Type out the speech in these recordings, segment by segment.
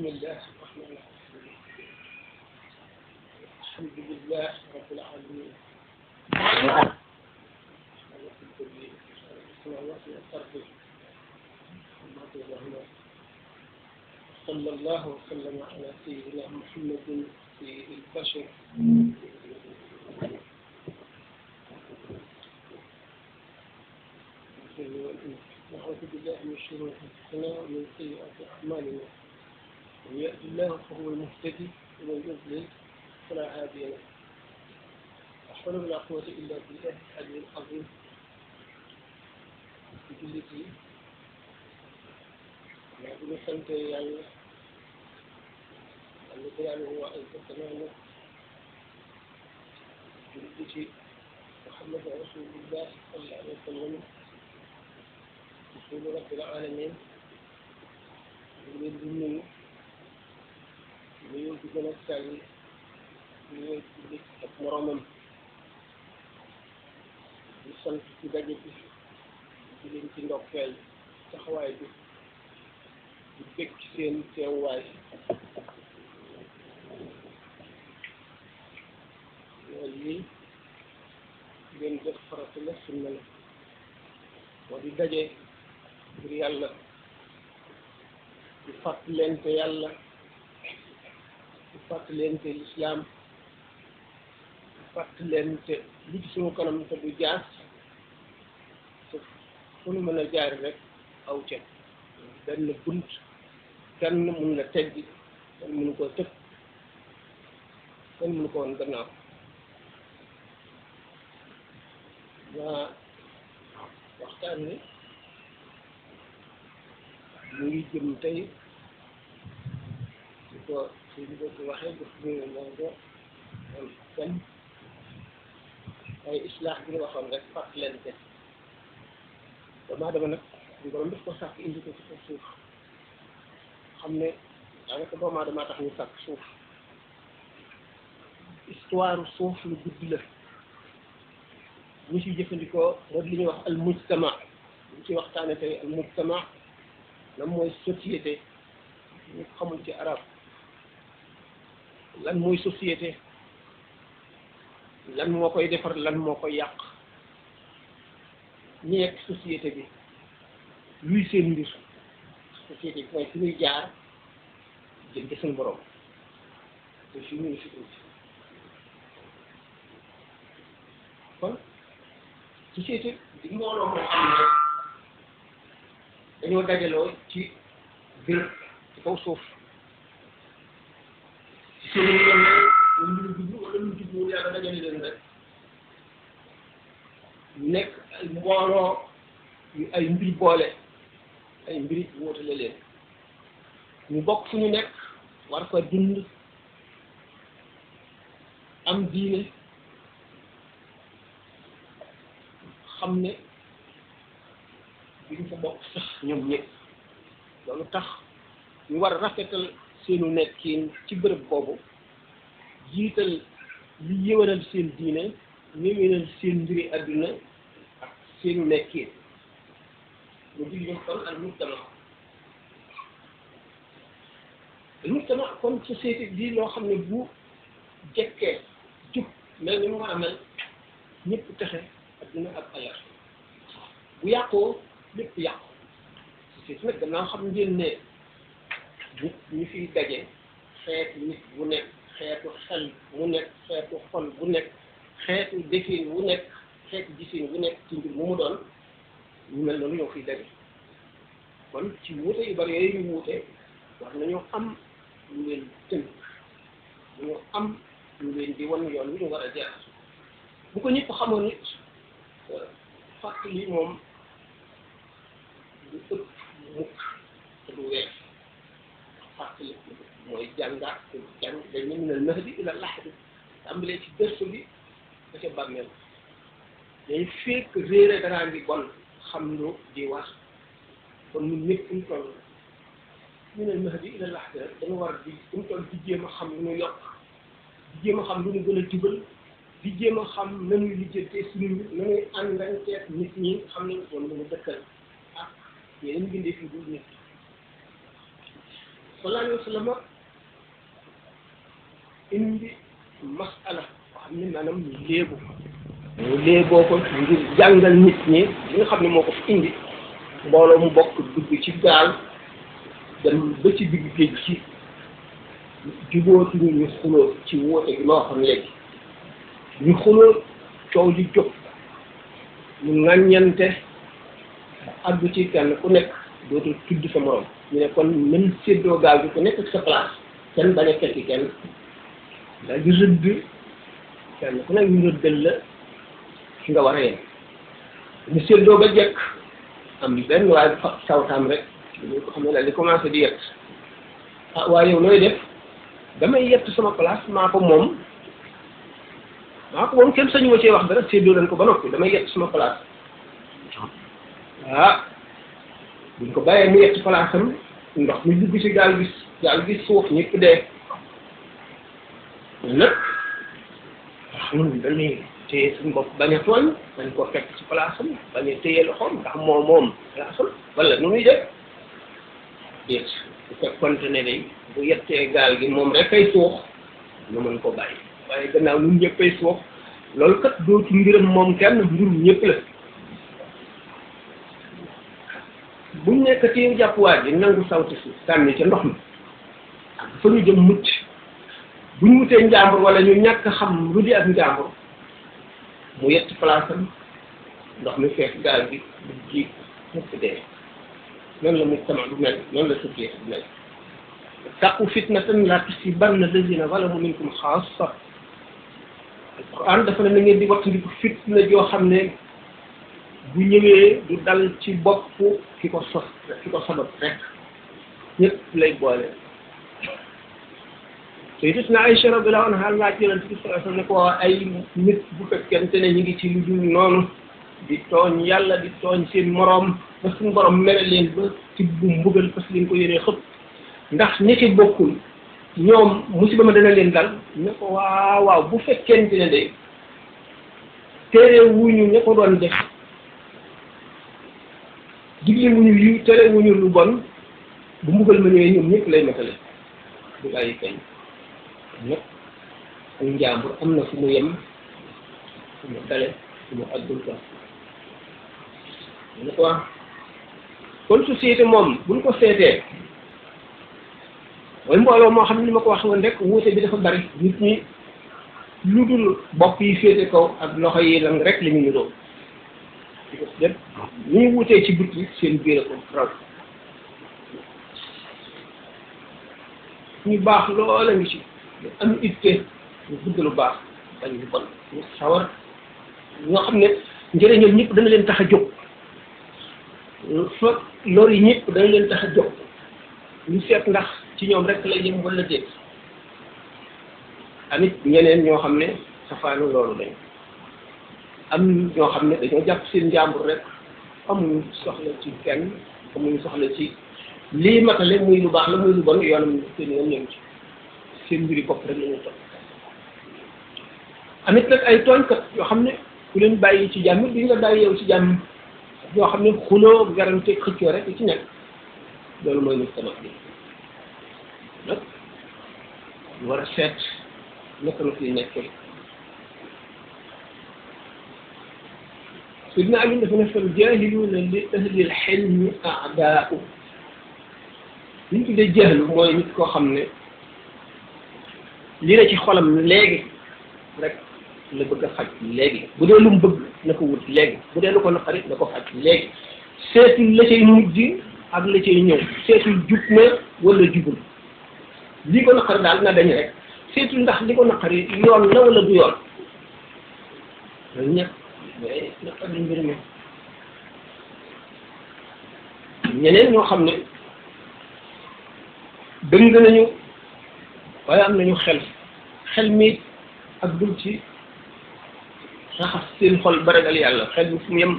بسم الله الرحمن الرحيم الحمد لله رب العالمين صلى الله وسلم على سيدنا محمد سيد البشر نعوذ بالله من شرور انفسنا ومن سيئات اعمالنا الله فهو المهتدي ومن يضلل فلا هادي له وحول ولا قوة إلا بالله العلي العظيم بجلتي نقول الحمد يعني الذي يعني هو أن تتمام بجلتي محمد رسول الله صلى الله عليه وسلم يقول رب العالمين يريد منه nuyoo bi gën a sell nuyoo jullit ak moromam di sant ci daje bi di leen ci ndokkeel taxawaay bi di bëgg seen teewaay moo di daje ngir yàlla di fàttalante yàlla di fàttalente lislaam di fàttalente lu ci suñu kanam te du jaas te fu nu mën a jaari rek aw ca benn bunt kenn mun la teggi kenn munu koo tëb kenn munu ko woon gannaaw waa waxtaan ni mu ngi jëm tey ñu ko ko waxee daf ñëw nango am fen ay islaax rek fàttalante doomu nag suñu borom daf ko sàkk indi ko ci ko suuf xam ne daanaka doomu aadama tax ñu sàkk suuf histoire suuf lu gudd la ñu ci jëfandikoo rek li ñuy wax al mujtama ñu ci waxtaane tey al mujtama lan mooy société ñu xamul ci arab lan mooy société lan moo koy defar lan moo koy yàq ñi nekk société bi luy seen mbir société bi mooy fi jaar jëm ci suñu borom te fi ñuy sukkandiku kon société di mbooloo moo dañoo dajaloo ci biir ci kaw suuf. sëriñ la wala nekk ay mbooloo yu ay mbir boole ay mbir wóotale leen ñu bokk fu ñu nekk war fa dund am diine xam ne duñ fa bokk sax ñoom ñëpp loolu tax ñu war a seenu nekkin ci bërëb boobu jiital li yëwëral seen diine ñëwëral seen mbiri àdduna ak seenu nekkin mu di leen kon al mujtama al mujtama kon société bi loo xam ne bu jekkee jub mel ni mu war a mel ñëpp texe àdduna ak alax bu yàqoo lépp yàqu société nag gannaaw xam ngeen ne nit ñi fiy daje xeetu nit bu nekk xeetu xel mu nekk xeetu xol bu nekk xeetu defin bu nekk xeetu gisin bu nekk ci mbir mu mu doon ñu mel noonu ñoo fiy daje kon ci wuute yu bari yooyu ñu wuute war nañoo am ñu leen tënk ñu am ñu leen di wan yoon wi ñu war a jaar bu ko ñëpp xamoon nit euh, fàtt li moom du ëpp mukk du wees fàttali mooy jàngaat jàng dañ ne minal mahdi ila lahdi tàmbalee ci gëstu bi da ca bàmmeel day fekk réere danaa ngi bon xam lu di wax kon ñun ñëpp fu ñu toll minal mahdi ila lahdi rek dañu war di fu ñu toll di jéem a xam lu ñu yokk di jéem a xam lu ñu gën a jubal di jéem a xam nañuy lijjatee suñu nañuy àndanteeg nit ñi xam nañ ko lu ñu dëkkal ak yeneen bindee fi dul nit sallallahu alayhi wa sallam indi masala boo xam ne maanaam léebu mu léeboo ko ngir jàngal nit ñi li nga xam ne moo ko fi indi mbooloo mu bokk dugg ci gaal dem ba ci digg géej gi jubóotuñu ñu xuloo ci woote gi ma waxoon léegi ñu xuloo coow li jóg ñu ŋàññante àddu ci kenn ku nekk dootul tudd sa moroom ñu ne kon mën séddoo gaal bi ku nekk sa place kenn bañ a fekki kenn daal di rëdd kenn ku nekk ñu rëddal la fi nga war a yem ñu séddoo ba jekk am benn waaye bu fa sawtaam rek ñu ko xam ne daal di commencé di yett ah waaye yow nooy def damay yett sama palaas maa ko moom maa ko moom kenn sañu ma cee wax dara séddoo nañ ko ba noppi damay yett sama place ah buñ ko bàyyee mu yegg ci ndox mi dugg ci gaal gi gaal gi suuf ñëpp dee nag wax nun dañuy téye suñu bopp bañ a tooñ dañ ko fekk ci place am bañ loxoom ndax moom moom place am nu muy de déet bu fekkonte ne day bu yettee gaal gi moom rek ay suux ñu mën ko bàyyi waaye gannaaw ñun ñëppay suux loolu kat dootu mbiram moom kenn mbirum ñëpp la buñ nekk ci jàpp waa ji nangu sawti si sànni ca ndox mi fa ñu jëm mucc buñ wutee njàmbur wala ñu ñàkk xam lu di ak njàmbur mu yett place am ndox mi fekk gaal bi bu ji mukk dee noonu la mujtama du mel noonu la société du mel taqu fitnatan la tusibanna lazina zalamu minkum xaasa alquran ne na ngeen di wattandiku fitna joo xam ne bu ñëwee du dal ci bopp ki ko sos ki ko sabab rek ñépp lay boole sayyidatuna Aïcha radiyallahu anha laaj ko ay nit bu fekkente ne ñu ngi ci lu yàlla di tooñ seen moroom ba suñu borom mere leen ba tibb mbugal parce que liñ ko yëree ci bokkul ñoom musiba ma waaw waaw bu fekkente ne de téere wuñu ko doon def digle wuñu yiw tere wuñu lu bon bu mbugal ma ñëwee ñoom ñëpp lay matale du bàyyi kenn ñëpp ak njaambur am na fu mu yem fu mu dale fu mu àggul ko ne ah, kon société moom buñ ko seetee mooy mbooloo moo xam ne ni ma ko wax woon rek wuute bi dafa bari nit ñi lu dul bopp yi féete kaw ak loxo yi lang rek li ñu niroo ci bés ñu wutee ci bitti seen biir ko raw ñu baax loola ngi ci ñu am itte ñu bëgg lu baax bañ lu bon ñu sawar ñoo xam ne njëriñoo ñëpp dana leen tax a jóg fa loolu yi ñëpp dana leen tax a jóg ñu set ndax ci ñoom rek la yem wala déet amit ñeneen ñoo xam ne safaanu loolu lañ am ñoo xam ne dañoo jàpp seen njàmbur rek amuñu soxla ci kenn amuñu soxla ci lii matale muy lu baax la muy lu bon yoonam seen yoon ñëw rek la ñuy topp amit nag ay tooñkat yoo xam ne ku leen bàyyi ci jàmm bi nga ci jàmm yoo xam ne xuloo garante xëccoo rek ci nekk loolu mooy mujtama bi nag war a seet naka la fi nekkee سيدنا علي بن خلف الجاهلون اللي اهل الحلم اعداؤه نيت دي جهل موي نيت كو خامني لي راهي خولم ليغي رك لا بغا خاج ليغي بودي لوم بغ نكو ووت ليغي بودي لوكو نخري نكو خاج ليغي سيتو لا سي موجي اك لا سي نيو سيتو جوب ما ولا جوبل لي كو نخري دال نا داني رك سيتو نخ لي كو نخري يون لا ولا دو يون نيا mbir mi ñeneen ñoo xam ne dëng nañu waaye am nañu xel xel mi ak dul ci raxas seen xol ba ragal yàlla xel mi fu mu yem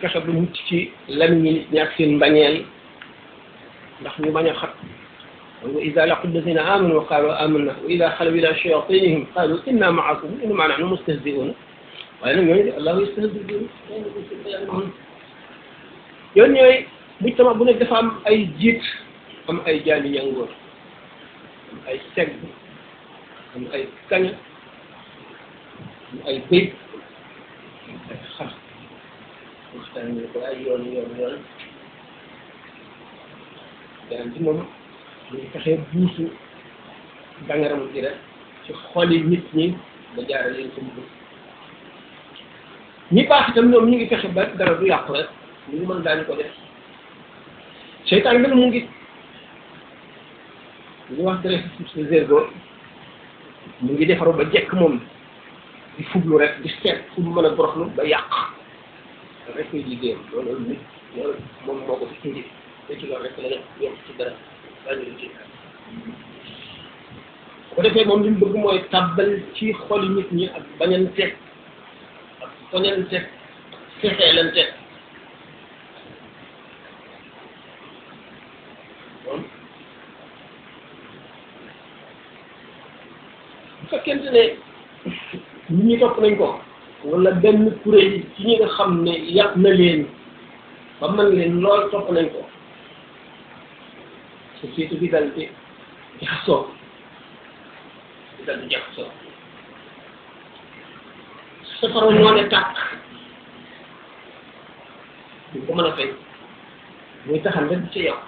fexe ba mucc ci lamiñ yi nit ñi ak seen mbañeel ndax ñu bañ a xat wa ida laqu alladina amanu qalu amanna wa ida xalaw ila shayatinihim qalu inna maakum innama nahnu mustahziuna waaye nag ñooñu allah yastahil bil juudi yoon ñooy bu nekk dafa am ay jiit am ay jaani ñàngoor am ay segg am ay kaña am ay béy ay xar buusu dangaram gi rek ci xoli nit ñi ba jaarale leen ko mu ñi paas itam ñoom ñu ngi fexe ba dara du yàq rek lu ñu mën daañu ko def seytaan bi mu ngi wax Trézégo mu ngi defaru ba jekk moom di fublu rek di seet fu mu mën a boroxlu ba yàq moom ko defee moom li mu bëgg mooy tàbbal ci xoli nit ñi ak bañante soñante fexeelante kon bu fekkente nit ñi topp nañ ko wala benn kuréel ci ñi nga xam ne yàq na leen ba man leen lool topp nañ ko société bi dal di jaxasoo bi dal di jaxasoo safara moo ne tàkk ñu ko mën a fay muy taxam rek bu ca yow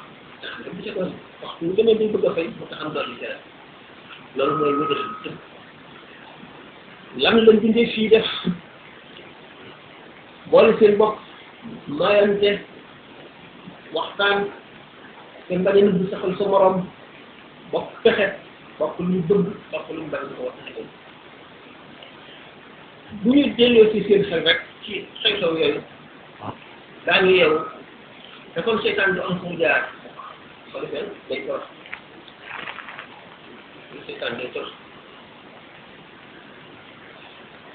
taxam rek bu ca doon waxtu mu demee dañ bëgg a fay mu taxam doon li ca loolu mooy bindee fii def boole seen bopp mayante waxtaan te mbañ a nit bu saxal sa morom bokk pexe bokk lu mu bëgg bokk lu mu bañ ko wax bu ñu delloo ci seen xel rek ci xew-xew yooyu daañu yeewu te comme seytaan du am fu mu jaar soo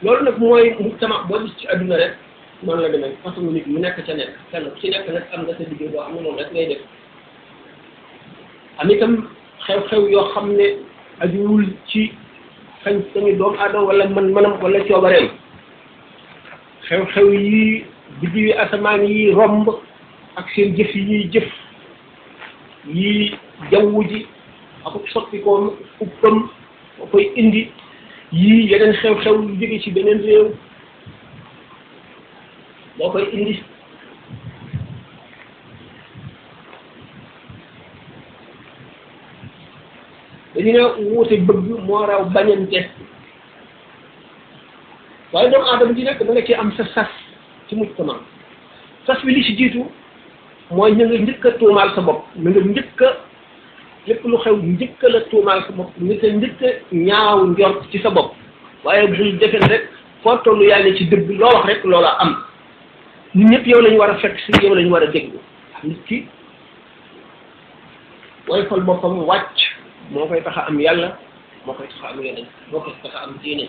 loolu nag mooy mujtama boo gis ci adduna rek noonu la demee façon nit mu nekk ca nekk kenn ci nekk nag am nga sa liggéey boo xam rek ngay def am itam xew-xew yoo xam ne ajuwul ci xañ tamit doomu aadama wala man manam wala coobareem xew-xew yi biddiwi asamaan yi romb ak seen jëf yi ñuy jëf yi jawwu ji akub soppikoom uppam moo koy indi yii yeneen xew-xew yu jóge ci beneen réew moo koy indi dañu ne wuute bëgg moo raw bañante waaye doomu aadama ji nag da nga am sa sas ci mujtama sas bi li ci jiitu mooy ñu tuumaal sa bopp ñu nga lépp lu xew njëkk a la tuumaal sa bopp ñu nga njëkk ñaaw njort ci sa bopp waaye bul defen rek foo tollu yàlla ci dëgg loo wax rek loola am ñun ñëpp yow la war a fekk si yow la war a déglu nit ki woyfal boppam wàcc moo koy tax am yàlla moo koy tax am yeneen moo koy tax am diine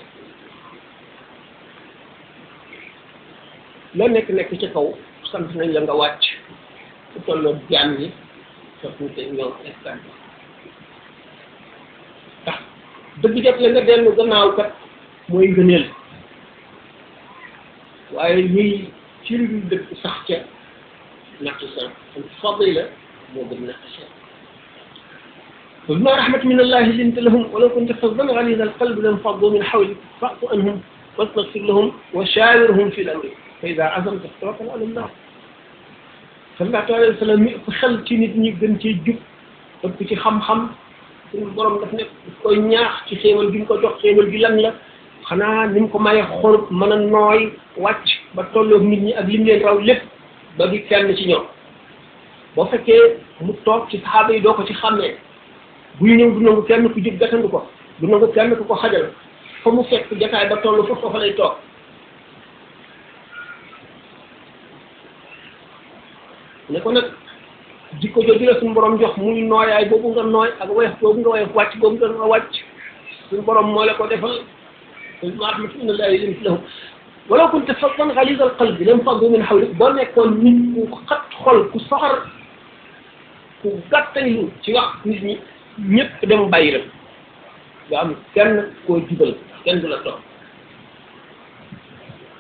la nekk nekk ci kaw sant nañ la nga wàcc su tolloo jaan yi sa tuute ñoom dëgg jot la nga dellu gannaaw kat mooy ngëneel waaye ñuy ci lu dëgg sax ca nattu sa am fadila moo gën nattu فبما رحمة من الله لنت لهم ولو كنت فظا غليظ القلب لانفضوا من حولك فاعف عنهم واستغفر لهم وشاورهم في الامر فاذا عزمت فتوكل على الله صلى الله عليه وسلم مئة تي نيت ني گن تي جوب تي خم خم سن بروم داف نيك كوي نياخ تي خيمال بيم كو جوخ خيمال بي لان لا خنا نيم كو ماي خور مانا نوي واتش با تولو نيت ني اك ليم لين راو ليپ با بي فن سي ньо بو فكه مو توك تي صحابي دوكو تي خامي buy ñëw du nangu kenn ku jóg gatandu ko du nangu kenn ku ko xajal fa mu fekk jataay ba toll fa foofa lay toog ne ko nag jikko jooju la suñu borom jox muy nooyaay boobu nga nooy ak woyof boobu nga woyof wàcc boobu nga nga wàcc suñu borom moo la ko defal ma rahmatina lahi lim lahu walaw kunta faddan ghalid al qalbi lam faddu min hawlik boo nekkoon nit ku xat xol ku soxor ku gàttañlu ci wax nit ñi ñëpp dem bàyyi la nga am kenn koo jubal kenn du la toog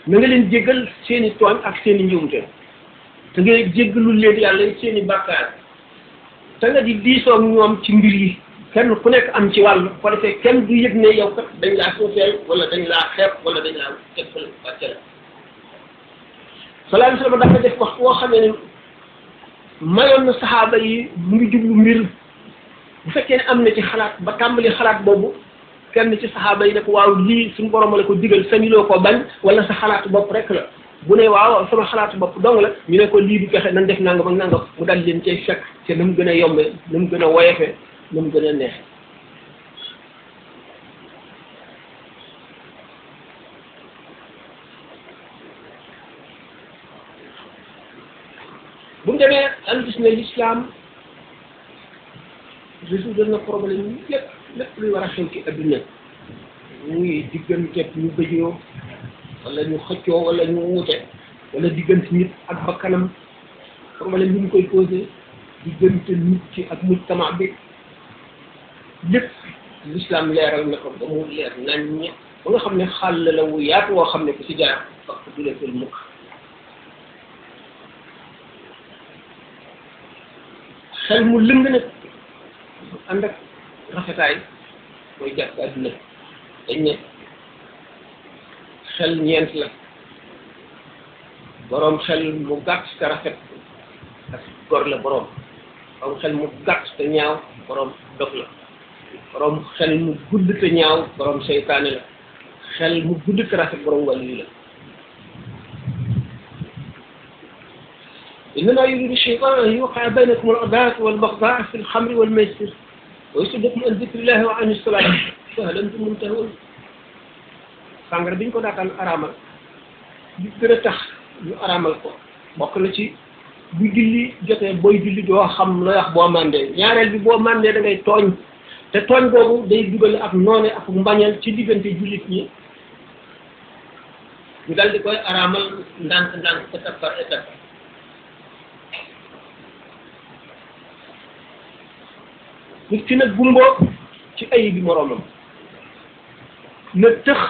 na leen jéggal seeni tooñ ak seeni njuumte te nga jéggalul leen yàlla seeni bàkkaar te nga di diisoo ñoom ci mbir yi kenn ku nekk am ci wàll ko defee kenn du yëg ne yow kat dañ laa suufeel wala dañ laa xeeb wala dañ laa teg fële wax woo xamee ne mayoon na saxaaba yi mu ngi jublu mbir bu fekkee ne am na ci xalaat ba tàmbali xalaat boobu kenn ci saxaaba yi ne ko waaw lii suñu borom ko digal sañuloo koo bañ wala sa xalaat bopp rek la bu ne waaw sama xalaat bopp dong la ñu ne ko lii du pexe nan def nangam ak mu dal leen cay fekk te na mu gën a yombee na mu gën a woyefee na mu gën a neexee bu mu demee am gis ne l'islam résoudre na problème yi yëpp lépp luy war a xew ci adduna muy diggante ñu bëjoo wala ñu xëccoo wala ñu wute wala diggante nit ak bakkanam problème yi mu koy posé diggante nit ci ak mujtama bi lépp l'islam leeral na ko ba mu leer nañ ñi ba nga xam ne xàll la wu yaatu woo xam ne ku ci jaar fakk du la fël mukk xel mu lëng nag عندك رفتاي موي جاك ادنا دنج خل نينت لا بروم خل مو غات كرافت اك غور لا بروم بروم خل مو غات تا نياو بروم دوك لا بروم خل مو غود تا نياو بروم شيطان لا خل مو غود كرافت بروم والي لا إنما يريد الشيطان أن يوقع بينكم الأداة والبغضاء في الخمر والميسر ويصدكم عن ذكر الله وعن الصلاة فهل أنتم sàngara bi ñu ko daataan araamal li gën a tax ñu araamal ko bokk na ci bu julli jotee booy julli doo xam looy wax boo màndee ñaareel bi boo màndee da ngay tooñ te tooñ boobu day dugal ak noone ak mbañeel ci diggante jullit ñi ñu dal koy araamal ndànk ndànk étape par nit ki nag gumbo ci ayibi moromam na tëx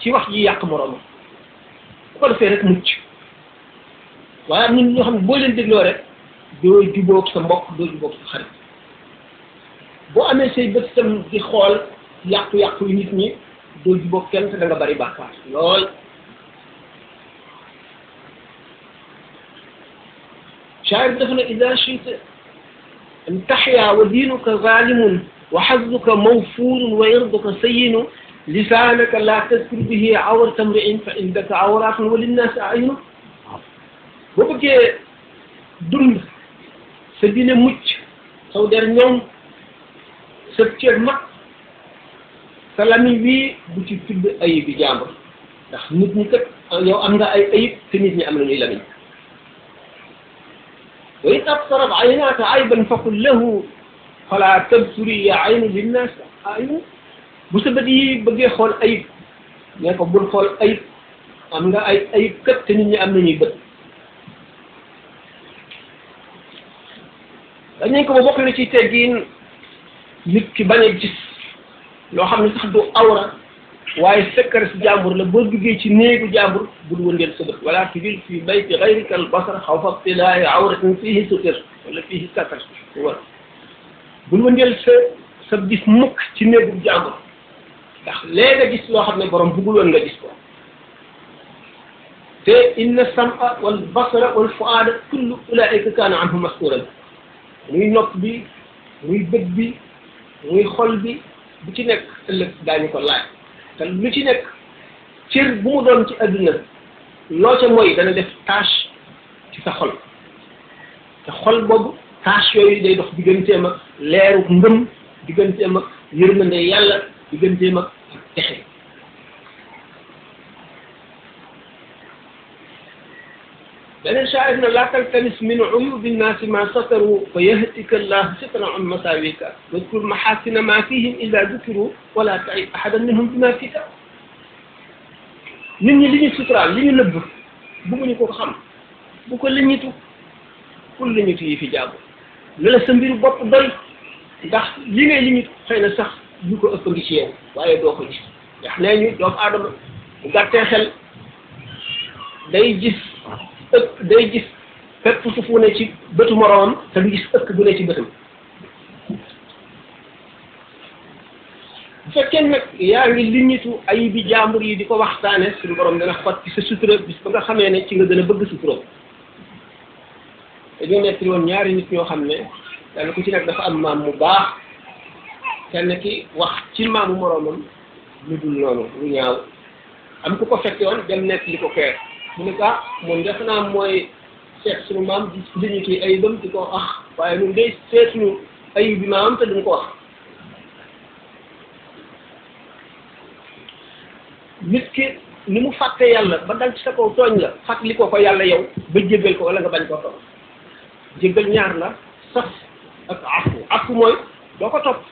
ci wax ji yàq moromam bu ko defee rek mucc waaye ñun ñoo xam ne boo leen dégloo rek doo jubóog sa mbokk doo jubóog sa xarit boo amee say bët tam di xool yàqu-yàqu yu nit ñi doo jubóog kenn te da nga bari bàkkaar lool شاعر دفن إذا شئت أن تحيا ودينك ظالم وحظك موفور ويرضك سين لسانك لا تذكر به عور امرئ فعندك عورات وللناس أعينك وبك دم سدين مج سودر نوم نيوم سبتير مك سلامي بي بوتي تب أي بجامر نحن نتنكت يو أمنا أي أي تنيني أمنا إلى منك وإن أبصرت عيناك عيبا فقل له فلا تبصري يا عين للناas ayna bu sa bët yi bëggee xool ayib ne ko bul xool ayib am nga ay ayib kat te nit ñi am nañuy bët dañu ko ba bokk na ci teggin nit ki bañ a gis loo xam ne sax du awra waaye secret si jàmbur la boo duggee ci néegu jàmbur bul wëndeel sa bët wala tujil fi bayti gayrika al basar xawfa tilaayi awratin fihi sutir wala fihi satar wala bul wëndeel sa sa gis mukk ci néegu jàmbur ndax lee nga gis loo xam ne borom bugul woon nga gis ko te inna sam'a wal basara wal fuaada kullu ulaika kaana anhu masuulan muy nopp bi muy bët bi muy xol bi bu ci nekk ëllëg daañu ko laaj te lu ci nekk cër bu mu doon ci àdduna loo ca mooy dana def tâche ci sa xol te xol boobu tâche yooyu day dox digganteem ak leeru ngëm digganteem ak yërmande yàlla digganteem ak بعدين شاعر انه لا تلتمس من عيوب الناس ما ستروا ويهتك الله سترا عن مساويك واذكر محاسن ما فيهم اذا ذكروا ولا تعيب احدا منهم بما فيك نين لي ني سترا لي ني لب بوغو نيكو خام بوكو لي نيتو كل لي نيتو في جابو لولا سمبيرو بوب دوي داخ لي ني لي نيت خينا صاح نيكو اوبوليسيون وايي دوكو جيس داخ لي ني دوف ادم غاتي خيل داي جيس ëkk day gis fépp fu ne ci bëtu moroomam te du gis ëkk bu ne ci bëtam bu fekkee nag yaa ngi limitu ay bi jàmbur yi di ko waxtaane su borom dana xotti sa sutura bis ba nga xamee ne ci nga gën a bëgg sutura dañoo nettali woon ñaari nit ñoo xam ne daanaka ku ci nekk dafa am maam mu baax kenn ki wax ci maamu moroomam lu dul noonu lu ñaaw am ku ko fekke woon dem nettali ko keer mu ne ko ah, moom mun def naa mooy seet suñu maam di liñu ci ayibam di ko wax waaye ñun day seet suñu ayib bi maamam te duñ ko wax nit ni mu fàtte yàlla ba dal ci sa kaw tooñ la fàttali ko ko yàlla yow ba jéggal ko walla nga bañ koo tooñ jéggal ñaar la saf ak afu afu mooy doo ko topp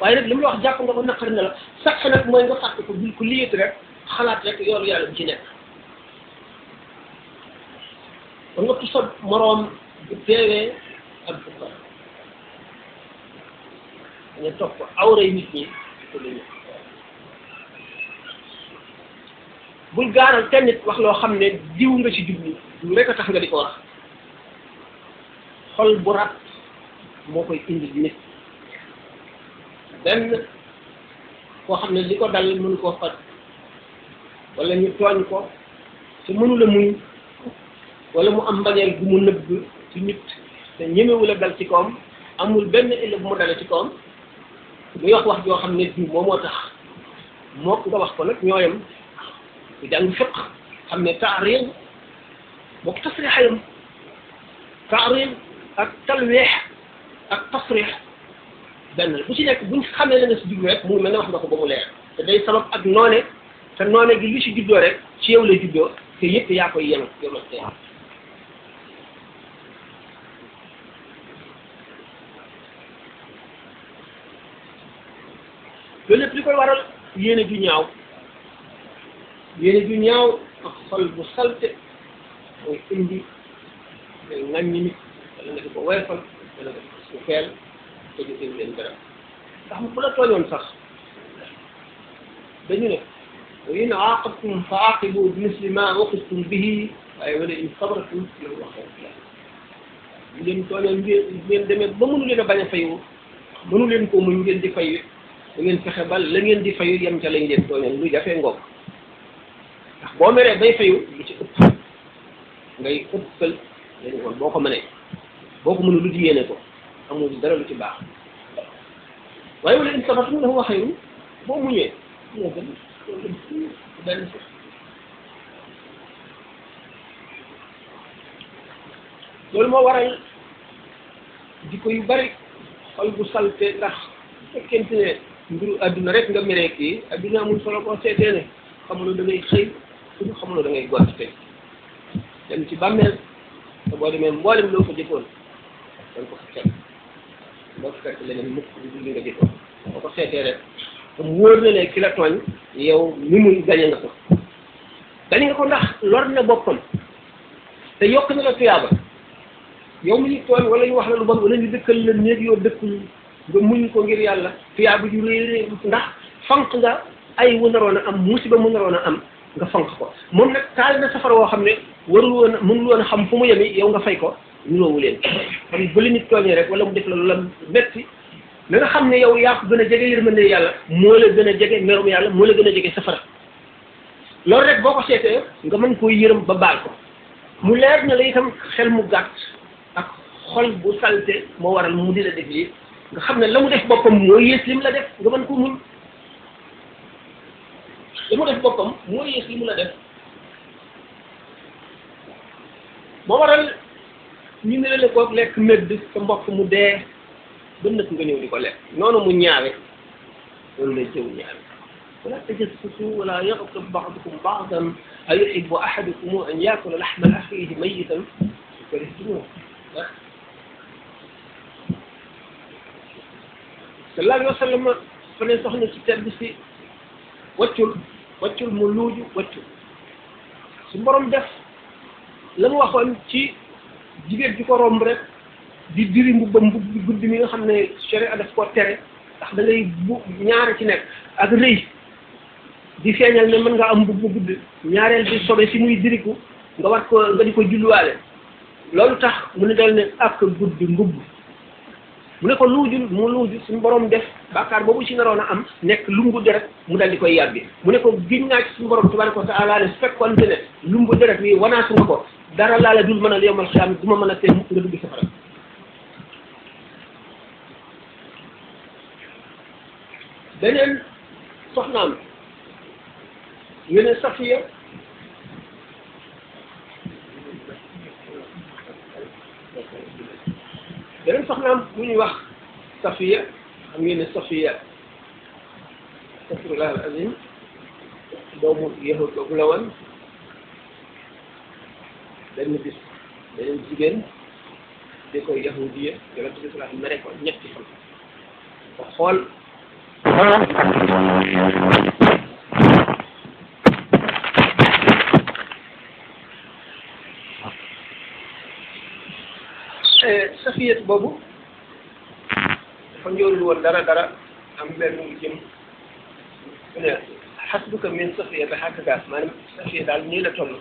waaye nag li mu la wax jàpp nga ko naqari na la sax nag mooy nga fàtte ko bul ko liyéti rek xalaat rek yoonu yàlla bu ci nekk ba nga ko moroom bu teewee ak bu ko nga topp nit ñi ko lu ñu bul gaaral kenn wax loo xam ne diw nga ci jublu lu rek a tax nga di ko wax xol bu rat moo koy indi nit benn koo xam ne li ko dal mënu koo faj wala ñu tooñ ko te mënu la wala mu am mbañeel bu mu nëbb ci nit te ñemewul a dal ci kawam amul benn illa bu mu dale ci kawam muy wax wax joo xam ne diw moom moo tax moo nga wax ko nag ñooyam di jàng fiq xam ne taaril boo ko tasrixayam taaril ak talweex ak tasrix benn bu ci nekk buñ xamee la nga si jublu rek mu ngi mel ne wax nga ko ba mu leer te day sabab ak noone te noone gi li si juddoo rek ci yow la juddoo te yëpp yaa koy yenu yow la te lépp li koy waral yéene ju ñaaw yéene ju ñaaw ak xol bu salte mooy indi ngay ŋàññi nit wala nga di ko woyofal wala nga di ko suufeel te du indi leen dara ndax mu bu la tooñoon sax dañu ne wa in aaqabtum fa aaqibu bi misli ma uqibtum bihi waaye wala in sabartum loolu waxee bu leen tooñoon ngeen ngeen demee ba mënu leen a bañ a fayu mënu leen koo muñ ngeen di fayu la ngeen fexe ba la ngeen di fayu yem ca lañ leen tooñal lu jafee ngoog ndax boo meree bay fayu lu ci ëpp ngay ëpp kël leen kon boo ko mënee boo ko mënee lu di yéene ko amul dara lu ci baax waaye wala in loolu moo waral jikko yu bari xol bu salte ndax fekkente ne mbiru adduna rek nga meree kii adduna amul solo boo seetee ne xamuloo da ngay xëy suñu xamuloo da ngay gont dem ci bàmmeel te boo demee mboolem loo ko jëfoon dañ ko fekk boo ko fekk leneen mukk du li nga jëfoon boo ko seetee rek mu wóor na ne ki tooñ yow ni muy gañe nga ko gañe nga ko ndax lor na boppam te yokk na la tuyaaba yow mi ñu tooñ wala ñu wax la lu bon wala ñu dëkkal la néeg yoo dëkkul nga muñ ko ngir yàlla tuyaa bu ju réeré ndax fanq nga ay wu naroon a am musiba mu naroon a am nga fanq ko moom nag taal na safara woo xam ne warul woon mënul woon a xam fu mu yemi yow nga fay ko nuroowu leen kon bu rek wala mu def la metti la nga xam ne yow yaa ko gën a jege yërmande yàlla moo la gën a jege merum yàlla moo la gën a jege safara loolu rek boo ko seetee nga man koo yërëm ba baal ko mu leer na la itam xel mu gàtt ak xol bu salte moo waral mu di la def lii nga xam ne la mu def boppam moo yées lim la def nga mën ko muñ li mu def boppam moo yées li mu la def moo waral ñu ne la ko lekk medd sa mbokk mu dee ba nëkk nga ñëw di ko lekk noonu mu ñaawe loolu lay jëw ñaawe ولا تجسسوا ولا يغتب بعضكم بعضا أيحب أحدكم أن يأكل لحم أخيه ميتا فكرهتموه te sallallahu alayhi sa sallam fa ne soxna si tedd si waccul waccul mu luuju waccul su borom def la mu waxoon ci jigéen ju ko romb rek di diri mbubba mbub bi mi nga xam ne sharia daf koo tere ndax da ngay bu ñaara ci nekk ak rëy di feeñal ne mën nga am mbubb mu gudd ñaareel bi sobe si muy diriku nga war ko nga di ko julluwaale loolu tax mu ne dal ne ak guddi mbubb mu ne ko luujul mu luuju suñu borom def bàkkaar boobu ci naroon a am nekk lumbu deret mu dal di koy yàbbi mu ne ko giñ naa ci suñu borom tabaraka wa taala ne su fekkoon ne lumbu deret wi wanaasu ko dara laa la mën a yomal xiyaam du ma mën a tee mukk nga dugg safara beneen soxnaam ñu ne Safiya benn soxnaam bu ñuy wax safiya xam ngeen ne safiya astafirullah al azim doomu yahud boobu la woon benn bis beneen jigéen di ko yahudiya yonente bi salaam mere ko ñetti fan ko xool Eh, safiyat boobu dafa njoolul woon dara dara am benn mu jëm mu ne xasbuka min safiyat xàkk gaas maanaam safiya daal nii la toll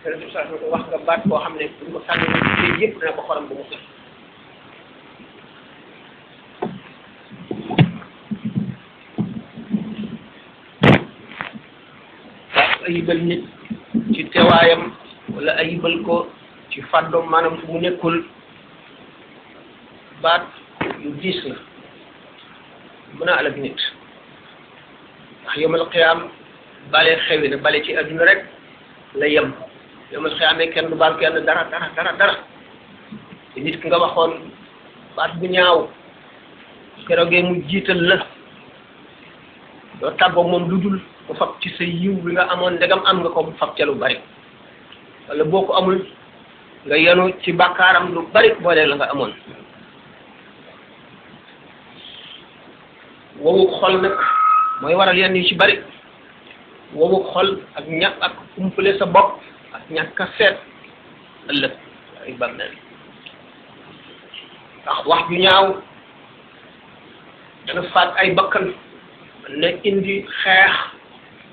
te def ko wax nga baat boo xam ne bu ma sànni woon ko xorom bu nit ci teewaayam wala ayibal ko ci fàddoom maanaam fu mu nekkul baat yu diis la mën a alag nit ndax yomal xiyaam bale xewi na bale ci adduna rek la yem yomal xiyaamee kenn du baal kenn dara dara dara dara nit ki nga waxoon baat bu ñaaw keroogee mu jiital la doo tàggoo moom lu dul mu fab ci sa yiw bi nga amoon ndegam am nga ko fab ca lu bari wala boo ko amul nga yenu ci bàkkaaram lu bari boole la nga amoon wowu xol nag mooy waral yenn yu ci bari wowu xol ak ñàkk ak umpale sa bopp ak ñàkk a seet ëllëg ay bàmmeel ndax wax ju ñaaw dana faat ay bakkan mën na indi xeex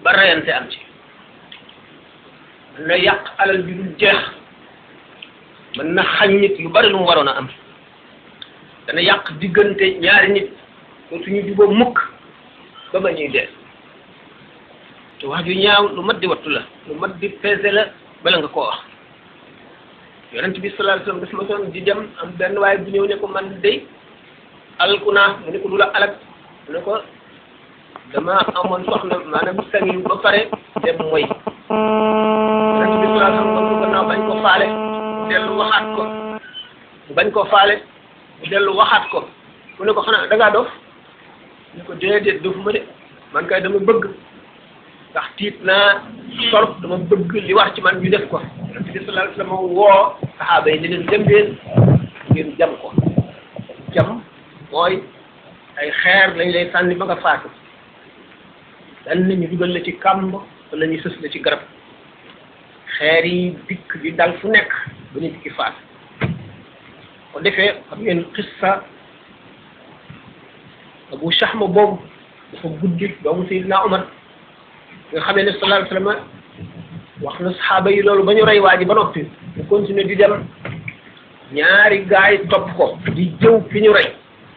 ba reyante am ci mën na yàq alal ju dul jeex mën na xañ nit yu bari lu mu waroon a am dana yàq diggante ñaari nit dootuñu jubóo mukk ba ba ñuy dee te wax ju ñaaw lu mat di wattu la lu mat di pesé la bala nga koo wax yonent bi sallallahu alayhi wasallam ma soon di dem am benn waaye bu ñëw ne ko man day alku naa mu ne ko du la alak mu ne ko dama amoon soxna maanaam sañu ba pare dem mooy a bi sallallahu ko gannaaw bañ ko faale mu dellu waxaat ko mu bañ ko faale mu dellu waxaat ko mu ne ko xanaa dangaa dof ñu ko déedéet dofuma de man kay dama bëgg ndax tiit naa torop dama bëgg li wax ci man ñu def ko yonent woo saxaaba yi ne leen dem leen ngeen xeer lañ lay sànni ba nga faatu dan nañu dugal la ci kàmb wala ñu ci garab xeer yi dikk di dal nekk defee xam ngeen xissa abu chahma boobu dafa guddi doomu sayidina Umar nga xamee ne sallallahu alayhi wax na saxaaba yi loolu ba ñu rey waa ji ba noppi mu continuer di dem ñaari gaay yi topp ko di jëw fi ñu rey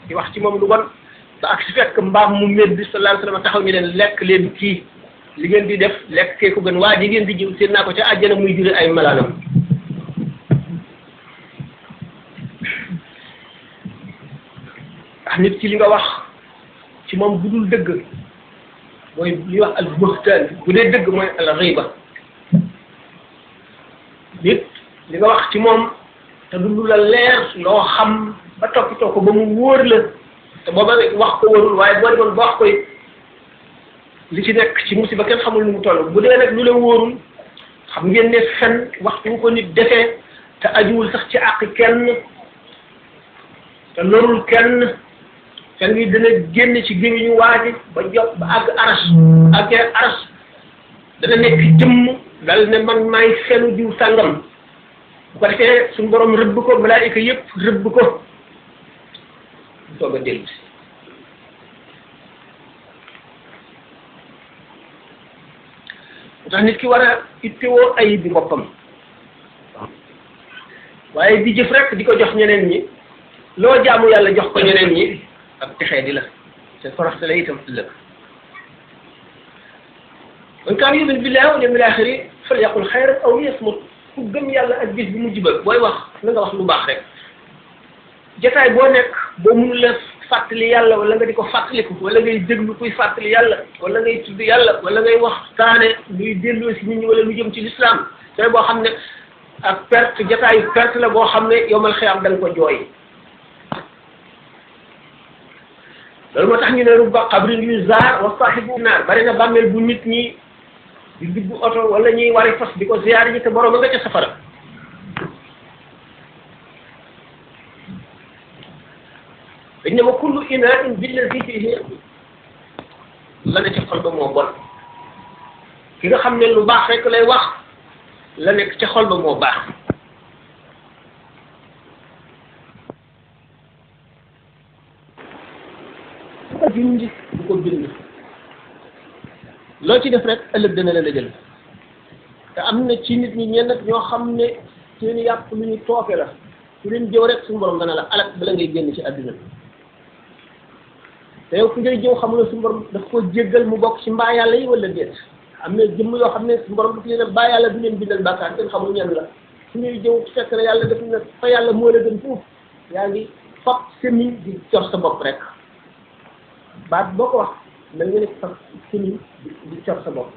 di wax ci moom lu bon te ak si fekk mbaam mu mér bi sallallahu alayhi wa taxaw ñu leen lekk leen kii li ngeen di def lekk kee ko gën waa ji ngeen di jëw seen naa ko ca àjjana muy jure ay malaanam ndax nit ci li nga wax ci moom bu dul dëgg mooy li wax al buxtaan bu dee dëgg mooy al xiiba nit li nga wax ci moom te du lu la leer loo xam ba toppatoo ko ba mu wóor la te booba wax ko wóorul waaye boo demoon ba wax koy li ci nekk ci musiba kenn xamul lu mu toll bu dee nag lu la wóorul xam ngeen ne fen waxtu nga ko nit defee te ajuwul sax ci àq kenn te lorul kenn can gi dana génn ci gémmiñu waaji ba jot ba àgg aras àgg aras dana nekk jëmm dal ne man maay xelu jiw sàngam bu ko defee suñu borom rëbb ko malaayika yëpp rëbb ko soog a nit ki war a ittewoo ayib bi boppam waaye di jëf rek di ko jox ñeneen ñi loo jaamu yàlla jox ko ñeneen ñi التخيلي له فرح تلاقيه تمثل لك إن كان يؤمن بالله واليوم الآخر فليقل خيرا أو ليصمت قدم يلا أدبيش بمجبك واي واخ لن تلاح لو باخر جتا يبونك بومن لف فاتلي يلا ولا غادي كو فاتلي كو ولا غادي دغ كوي فاتلي يلا ولا غادي تود يلا ولا غادي واخ تاني لي ديلو سي نيت ولا لو جيم سي الاسلام تاي بو خامني اك بيرت جتا يي بيرت لا بو خامني يوم الخيام دنج كو جوي loolu moo tax ñu ne rubba qabrin yu zaar wa saahibu naan bari na bàmmeel bu nit ñi di dugg oto wala ñuy wari fas di ko ziyaar ji te borom nga ca safara dañ ne ma kullu inaatin billazi fiihi la ne ca xol ba moo bon ki nga xam ne lu baax rekk lay wax la nekk ca xol ba moo baax bind du ko bind loo ci def rek ëllëg dana la jël te am na ci nit ñi ñenn ñoo xam ne seen yàpp lu ñu tooke la su leen jëw rek suñu borom dana la génn ci àdduna te yow ku ngay jëw xamuloo suñu borom daf ko jéggal mu bokk ci mbaa yàlla yi wala déet am na jëmm yoo xam ne suñu borom daf leen baa yàlla du leen bindal bàkkaar kenn xamul ñenn la su ngay jëw fekk na yàlla def na fa yàlla moo la gën foofu yaa ngi fab semiñ di jox sa bopp rek baat boo ko wax mel nga nekk sax sini di cor sa bopp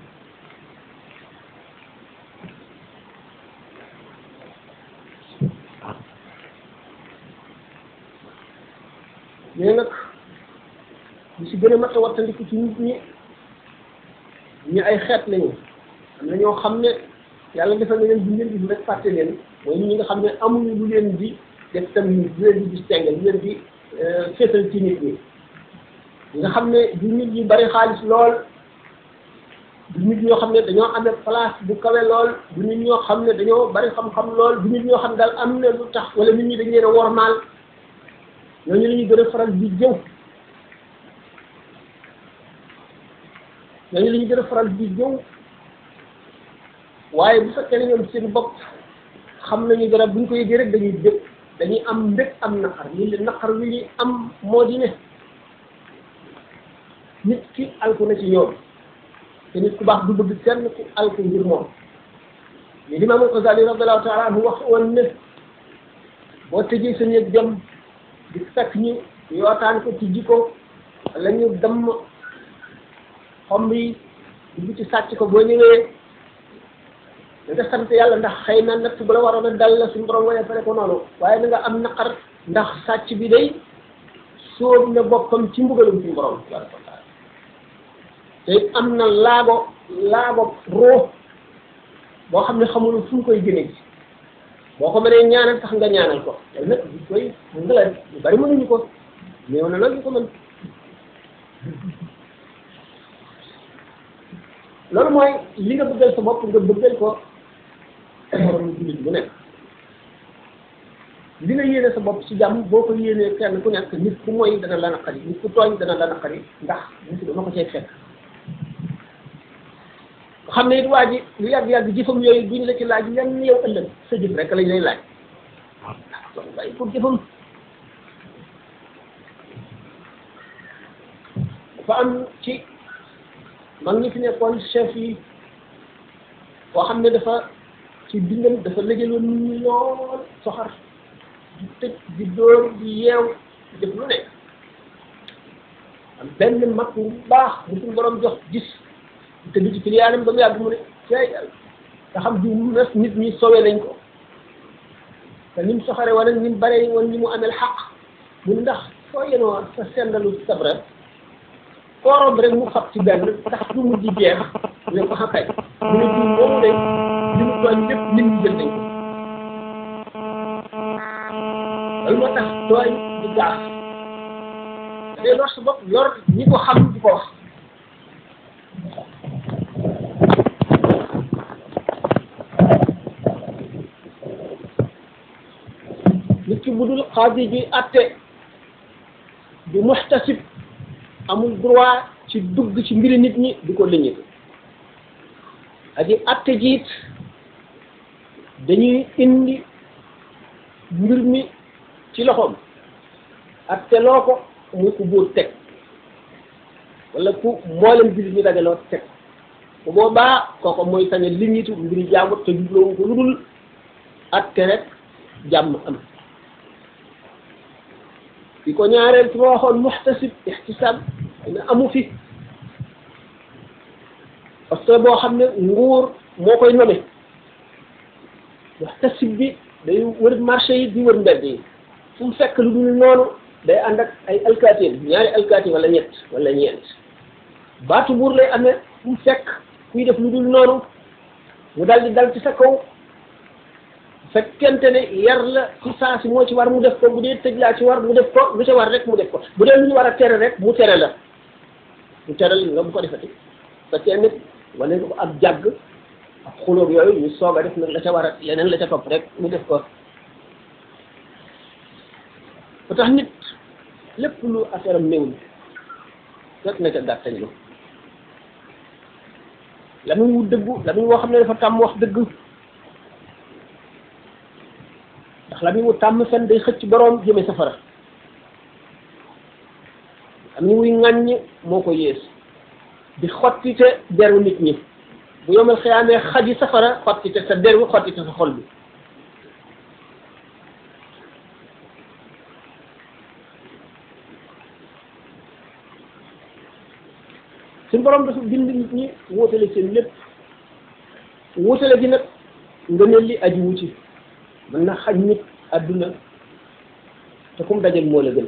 yooyu nag ñu si gën a mat wattandiku ci nit ñi ñu ay xeet lañu am ñoo xam ne yàlla defal ne leen bu leen di rek fàtte leen mooy ñi nga xam ne amuñu lu leen di def tam ñu lu leen di distingue lu leen di euh, féetal ci nit ñi nga xam ne du nit yu bari xaalis lool du nit ñoo xam ne dañoo amee place bu kawe lool du nit ñoo xam ne dañoo bari xam-xam lool du nit ñoo xam daal am na lu tax wala nit ñi dañ leen a wormaal ñooñu la gën a faral bi jëw ñooñu la ñuy gën a faral bi jëw waaye bu fekkee ne ñoom seen bopp xam nañu dara buñ koy yëgee rek dañuy jëw dañuy am mbég am naqar lii la naqar am moo di ne nit ki alku na ci ñoom te nit ku baax du bëgg kenn ku alku ngir moom li Imaam al-Ghazali radiyallahu taala anhu wax woon ne boo tëjee sa néeg jëm di sakk ñu yootaan ko ci jikko la ñu damm xomb dugg ci sàcc ko boo ñëwee da nga sant yàlla ndax xëy na natt bu la waroon a dal la suñu borom wane fare ko noonu waaye na nga am naqar ndax sàcc bi day sóob na boppam ci mbugalum suñu borom te am na laago laago ruux boo xam ne xamul fu mu koy jëmee ji boo ko mënee ñaanal tax nga ñaanal ko te nag du koy bari mënuñu ko néew na nag ñu ko mën loolu mooy li nga bëggal sa bopp nga bëggal ko borom nekk li nga yéene sa bopp ci jàmm boo ko yéenee kenn ku nekk nit ku moy dana la naqari nit ku tooñ dana la naqari ndax nit dama ko cay fekk. xam ne it waa ji lu yàgg yàgg jëfam yooyu duñ la ci laaj lenn yow ëllëg sa jëf rek lañ lay laaj waaw waaye pour jëfam ci nekkoon chef xam ne dafa ci dindam dafa lëjaloon nit ñi lool soxar di tëj di dóor di yeew di lu ne am benn mag bu baax bu suñu jox gis te du ci filiyaanam ba mu yàgg mu ne cey nga xam du nas nit ñi sowe lañ ko te ni mu soxare woon ak ni mu bare woon ni mu amel xaq mu ne ndax soo yenoo sa sendalu sabra koo romb rek mu xab ci benn tax du mu di jeex ne ko xakay mu ne diw moom de li mu tooñ lépp nit ñi jël nañ ko loolu moo tax tooñ di gaaf day lor sa bopp yor ñi ko xam di ko wax bu dul xaadi ji atte du muxtasib amul droit ci dugg ci mbiri nit ñi di ko liñit aji atte jiit dañuy indi mbir mi ci loxoom atte loo ko muy ku buur teg wala ku mboolem jullit ñi dajaloo teg bu boobaa kooku mooy sañ a liñitu mbiri jaamut te jubloowu ko lu dul atte rek jàmm am ki ko ñaareel ci waxon muhtasib ihtisab ixtisaab amu fi parce que boo xam nguur mo koy nome muhtasib bi day wër marché yi di wër mbéd yi fu fekk lu dul noonu day ànd ak ay alkaati ñaari alkaati wala ñet wala ñent batu bur lay amé fu fekk kuy def lu dul noonu mu dal di dal ci sa kaw fekkente ne yar la ci saa si moo ci war mu def ko bu dee tëj laa ci war mu def ko lu ci war rek mu def ko bu dee lu ñu war a tere rek mu tere la mu tere la nga ko defati fekkee nit wala nga ko jàgg ak xulóog yooyu ñu soog a def nag la ca war a leneen la ca topp rek mu def ko ba tax nit lépp lu affaire am néew rek na ca gàttañlu la muy wut dëggu la muy woo xam ne dafa tàmm wax dëgg lami mu tàmm fen day xëcc boroom jëme safara am ñu muy ŋàññ moo ko yées di xotti te deru nit ñi bu yomal xiyaamee xaji safara xotti te sa deru xotti te sa xol bi suñ borom dafa bind nit ñi wóotale seen lépp wóotale gi nag nga ne li aji wuti mën na xaj nit adduna te kum dajal moo la gën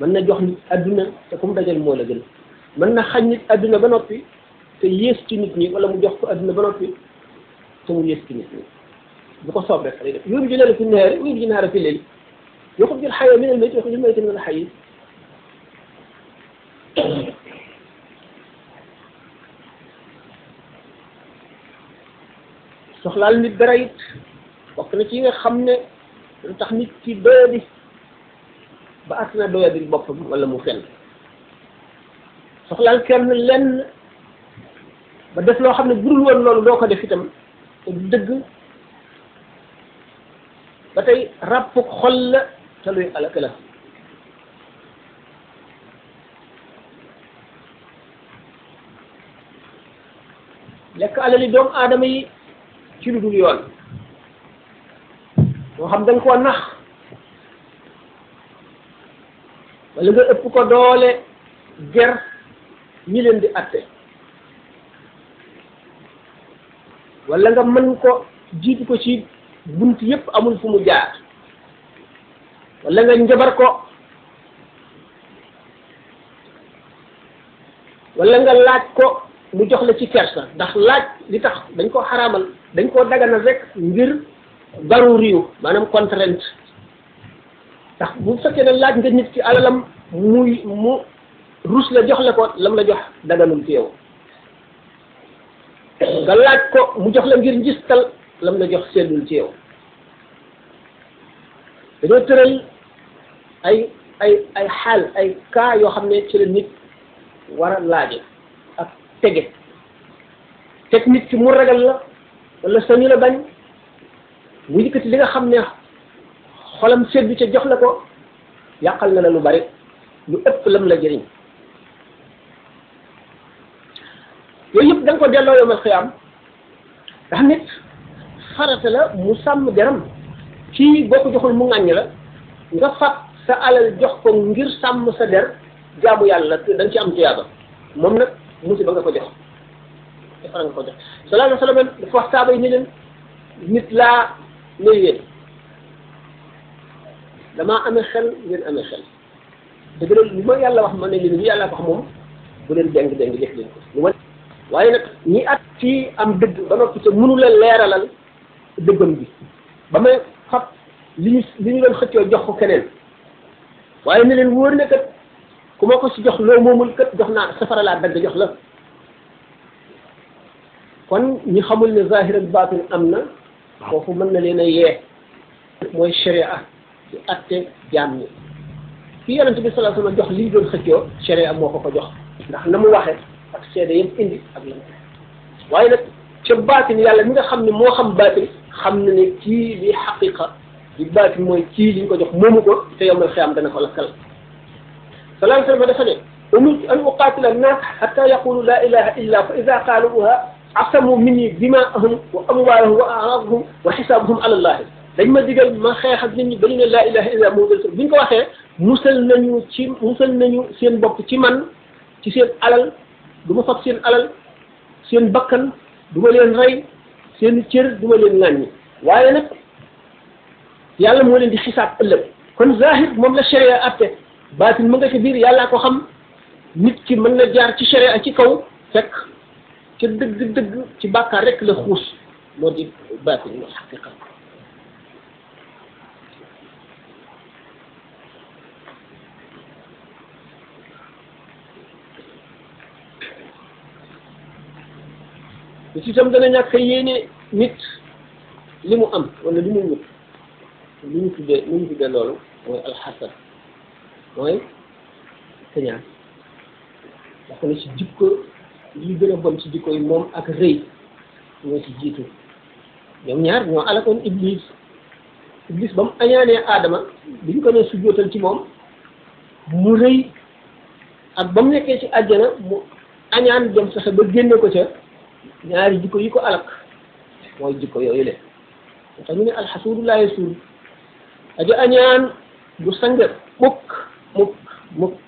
mën na jox nit adduna te kum dajal moo la gën mën na xañ nit adduna ba noppi te yées ci nit ñi wala mu jox ko adduna ba noppi te mu yées ci nit ñi bu ko soob rek lay def yurji lal fi naari yurji naara fi leel يخرج الحي من الميت ويخرج الميت من الحي soxlaal nit dara it bokk na ci nga xam ne lu tax nit ci doyadi ba as na doyadi boppam wala mu fenn soxlaal kenn lenn ba def loo xam ne burul woon loolu doo ko def itam te du dëgg ba tey ràpp xol la te luy alaka la lekk alali doomu aadama yi ci lu dul yoon boo xam dañ koo nax wala nga ëpp ko doole ger ñi leen di atte wala nga mën ko jiitu ko ci bunt yëpp amul fu mu jaar wala nga njabar ko wala nga laaj ko mu jox la ci fersa ndax laaj li tax dañ koo xaraamal dañ koo daganal rek ngir daruri yu maanaam contrainte bu fekkee ne laaj nga nit ci alalam muy mu rus la jox la ko lam la jox daganul ci yow nga laaj ko mu jox la ngir njistal lam la jox seddul ci yow dañoo tëral ay ay ay xaal ay cas yoo xam ne ci la nit war a laaje ak tege teg nit ci mu ragal la wala sañu bañ mu yëkkati li nga xam ne xolam seddu ci jox la ko yàqal na la lu bari lu ëpp lam la jëriñ yooyu yëpp da ko delloo yomal xiyaam ndax nit farata la mu sàmm deram kii boo ko joxul mu ŋàññ la nga fab sa alal jox ko ngir sàmm sa der jaamu yàlla da nga ci am tuyaaba moom nag musiba nga ko jox defara nga ko jox sallallahu alayhi wa sallam dafa wax saaba nit laa نيل دما امي خل نين امي خل دغل لما يالا واخ ماني لي يالا واخ موم بولن دنگ دنگ ديخ لين لما واي نك ني ات تي ام دغ أنا نوب تي منو لا ليرالال دغم بي بما خاب لي لي نيو لن خيو جوخو كنين واي ني لين وور نك كوماكو سي جوخ لو مومول كات سفر لا دغ جوخ لا كون ني خامل الباطن امنا foofu mën na leen a yee mooy sharia ci atte jaam ñi ki yonente bi salaa sallam jox liñ doon xëccoo sharia moo ko ko jox ndax na mu waxee ak seede yëpp indi ak lam waaye nag ca baatin yàlla mi nga xam ne moo xam baatin xam na ne kii li xaqiqa li baatin mooy kii liñ ko jox moomu ko te yowmal xiyaam dana ko lakkal salaa sallam dafa ne umit an uqaatila annaas xatta yaqulu la ilaha illa fa ida qaaluuha aqsamu minni dimaahum wa amwaalahum wa aradahum wa xisaabahum ala allahi dañ ma digal ma xeex ak nit ñi ba ñu ne laa ilaha illa moo gën bi ñu ko waxee musal nañu ci musal nañu seen bopp ci man ci seen alal du ma fab seen alal seen bakkan du ma leen rey seen cër du ma leen ŋàññi waaye nag yàlla moo leen di xisaab ëllëg kon zahir moom la sharia atte baatin ma nga ci biir yàllaa ko xam nit ki mën na jaar ci sharia ci kaw fekk ca dëgg-dëgg ci bàkkaar rek la xuus moo di baatin mooy xaqiqa te si itam dana ñàkk yéene nit li mu am wala li mu ñëpp li ñu tuddee li ñu tuddee loolu mooy alxasan mooy sañaan ndax na ci jikko li gën a bon ci jikko yi moom ak rëy ñoo ci jiitu ñoom ñaar ñoo alakoon iblis iblis ba mu añaanee aadama bi ko ne sujjootal ci moom mu rëy ak ba mu nekkee ci àjjana mu añaan jëm sax ba génne ko ca ñaari jikko yi ko alak mooy jikko yooyu le tax ñu ne alxasuudu aja añaan du sang mukk mukk mukk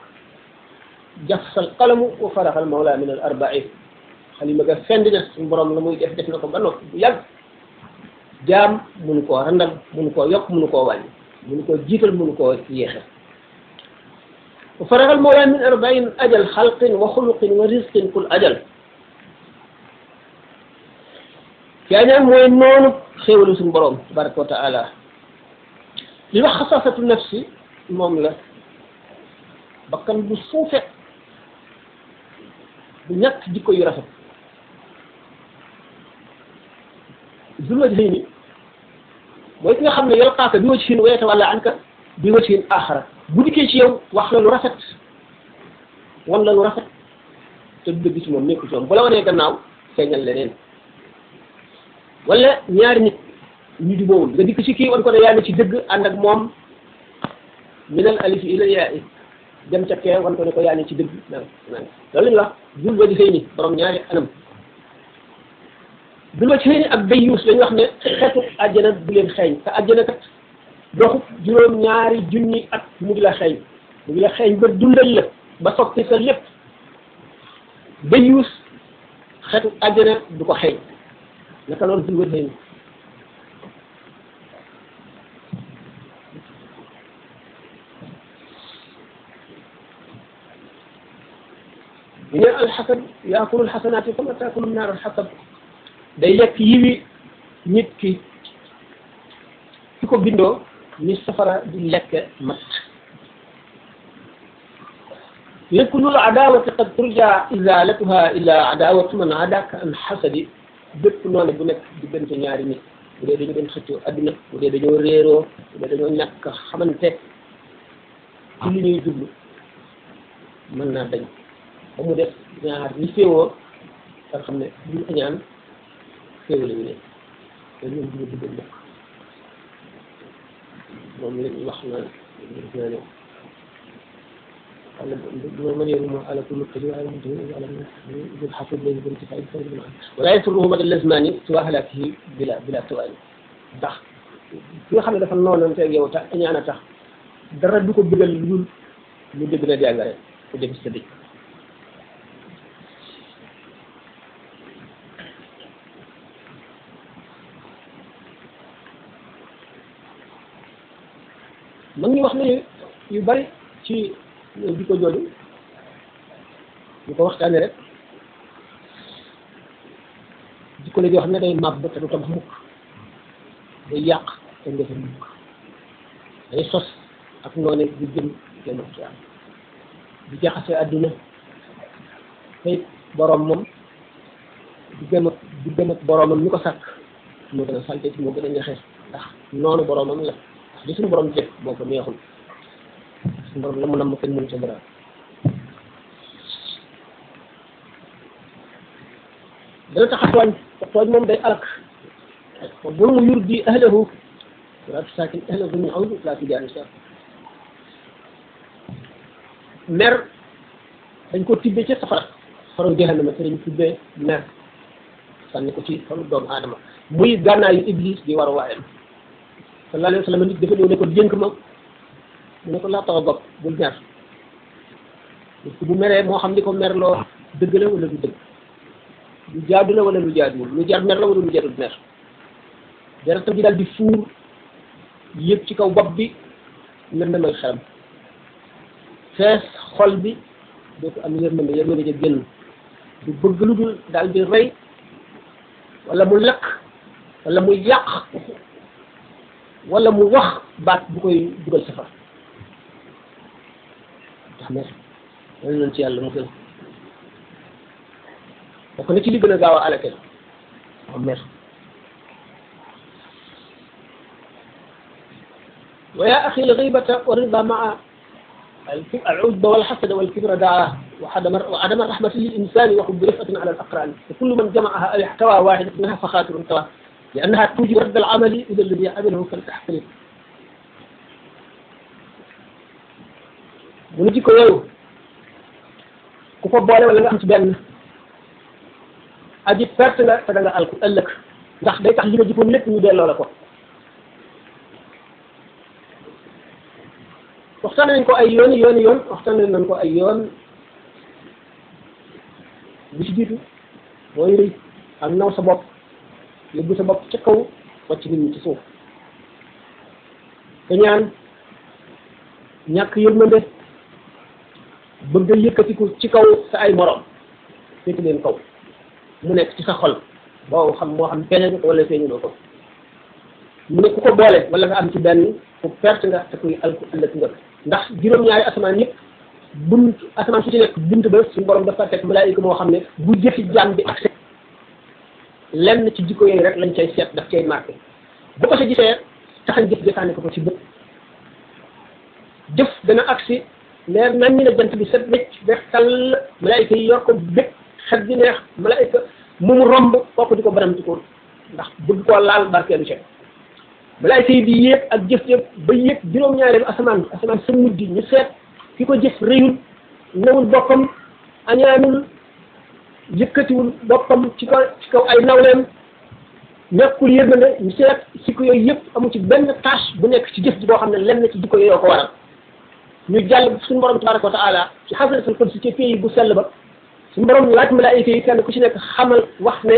جفس القلم وفرغ المولى من الأربعين خلي ما جفن دي نفس المبرم لمو يجف دي نفس المبرم جام منكو رندل منكو يق منكو والي منكو جيتل منكو سيخ وفرغ المولى من أربعين أجل خلق وخلق ورزق كل أجل كان يعني موي نون خيولو سن بروم تبارك وتعالى لما خصصت النفس موم لا بكن بو du ñàkk jikko yu rafet zul wajhayni mooy ki nga xam ne yalqaaka bi wajhin wa yatawalla anka bi wajhin axara bu dikkee ci yow wax la lu rafet wan la lu rafet te du dëgg ci moom nekku ci moom bu la wanee gannaaw feeñal leneen wala ñaari nit ñu di boowul nga dikk ci kii wan ko ne yaa ngi ci dëgg ànd ak moom minal alifi ila yaa dem ca kee wan ko ne ko ci dëgg naan naan loolu la wax dul ba di xëy ni borom ñaari anam dul ba ci xëy ni ak bay yuus lañu wax ne xeetu àjjana du leen xeeñ te àjjana kat doxub juróom ñaari junni at mu ngi la xeeñ mu ngi la xeeñ ba dundal la ba soppi sa lépp bay yuus xeetu àjjana du ko xeeñ naka loolu dul ba di xëy ni الحسن ياكل الحسنات كما تاكل النار الحطب داي يك يوي نيت كي كيكو بيندو ني سفرا دي لك مات يكون العداوة قد ترجع إزالتها إلى عداوة من عداك الحسد بيب نوني بو نيك دي بنت نياري نيت بو دي دي نيت ادنا بو دي دي ريرو بو دي دي نياك خامنتي كل ني جوبلو من نا دنج ba mu def ñaar ñi féewoo nga xam ne duñu añaan féew lañu ne te ñoom duñu dugg mbokk moom lañu wax na dina ñëw wala yasurruhu badal lazmani siwa halaakihi bila bila tawaani ndax ki nga xam ne dafa noonante ak yow tax añaan a dara du ko bëggal lu dul lu dégg na jàngare ku dem sa dëj yu bari ci jikko jooju ñu ko waxtaanee rek jikko la joo xam ne day màbb te du tabax mukk day yàq du defar day sos ak noonu di jëm àdduna boroom moom di gëm ak di boroomam ñu ko sàkk moo gën a salte moo gën a ñaxe ndax noonu boroomam la ndax li suñu boroom jëkk boo ko neexul suñu borom la mu nam kenn mënu ci dara dana tax a tooñ moom day alak wa zulmu yurdi ahlahu wala tusaakin ahla zulmi awdu laa tujaawi sa mer dañ ko tibbee ca safara xaru jahannama te dañ tibbee mer sànni ko ci xolu doomu aadama muy yu iblis di war a waayam sallallahu alayhi wa sallam nit dafa ñëw ko jënk ma mu ne ko laa tax a bopp bul mer bu meree moo xam li ko mer loo dëgg la wala du lu jaadu la wala lu jaaduwul lu jar mer la wala lu jarul mer deret bi daal di fuur yëpp ci kaw bopp bi lëndëmal xelam fees xol bi doo ko am yërmande yërmande ja génn du bëgg lu dul daal di rey wala mu lakk wala mu yàq wala mu wax baat bu koy dugal safar ويا أخي الغيبة والرضا مع العجب والحسد والكبر دعاه وعدم وعدم الرحمة للإنسان وحب رفقة على الأقران فكل من جمعها أو احتوى واحدة منها فخاتر انتوى لأنها توجب رد العمل إذا الذي عمله كالتحقيق mu ne jikko yooyu ku ko boole wala nga am ci benn aji perte nga te nga alku ëllëg ndax day tax li nga jikkoon lépp ñu delloo la ko waxtaan nañ ko ay yoon yoon yoon waxtaan nañ ko ay yoon bi ci jiitu mooy rëy ak naw sa bopp yóbbu sa bopp ci kaw wàcc nit ñi ci suuf te ñaan ñàkk yërmande bëgg a yëkkatiku ci kaw sa ay morom féete leen kaw mu nekk ci sa xol boo xam moo xam feeñal ko wala feeñaloo ko mu ne ku ko am ci benn ku perte nga te kuy alku ëllëg nga ndax juróom-ñaari asamaan yëpp bunt asamaan su ci nekk bunt ba suñu borom dafa teg malaayika moo xam ne bu jëfi jaan bi ak lenn ci jikko yooyu rek lañ cay seet daf cay marqué bu ko sa gisee taxañ jëf jëfaane ko ko ci bët jëf dana agsi leer nañ ñu ne jant bi set wécc weex tàll malaayika yi yor ko bépp xet gi neex malaayika mu mu romb kooku di ko banam ko ndax bëgg koo laal barkeelu ci malaayika yi di yéeg ak jëf yëpp ba yéeg juróom-ñaareelu asamaan asamaan sa mujj ñu seet ki ko jëf rëyul nawul boppam añaanul yëkkatiwul boppam ci kaw ci kaw ay nawleem ñàkkul yërmande ñu seet si ko yooyu yëpp amu ci benn tâche bu nekk ci jëf ji boo xam ne lenn ci jikko yooyu ko waral ñu jàll suñu borom tabaraka wa taala ci xasanatul qudsi ci pays bu sell ba suñu borom laaj malaayika yi kenn ku ci nekk xamal wax ne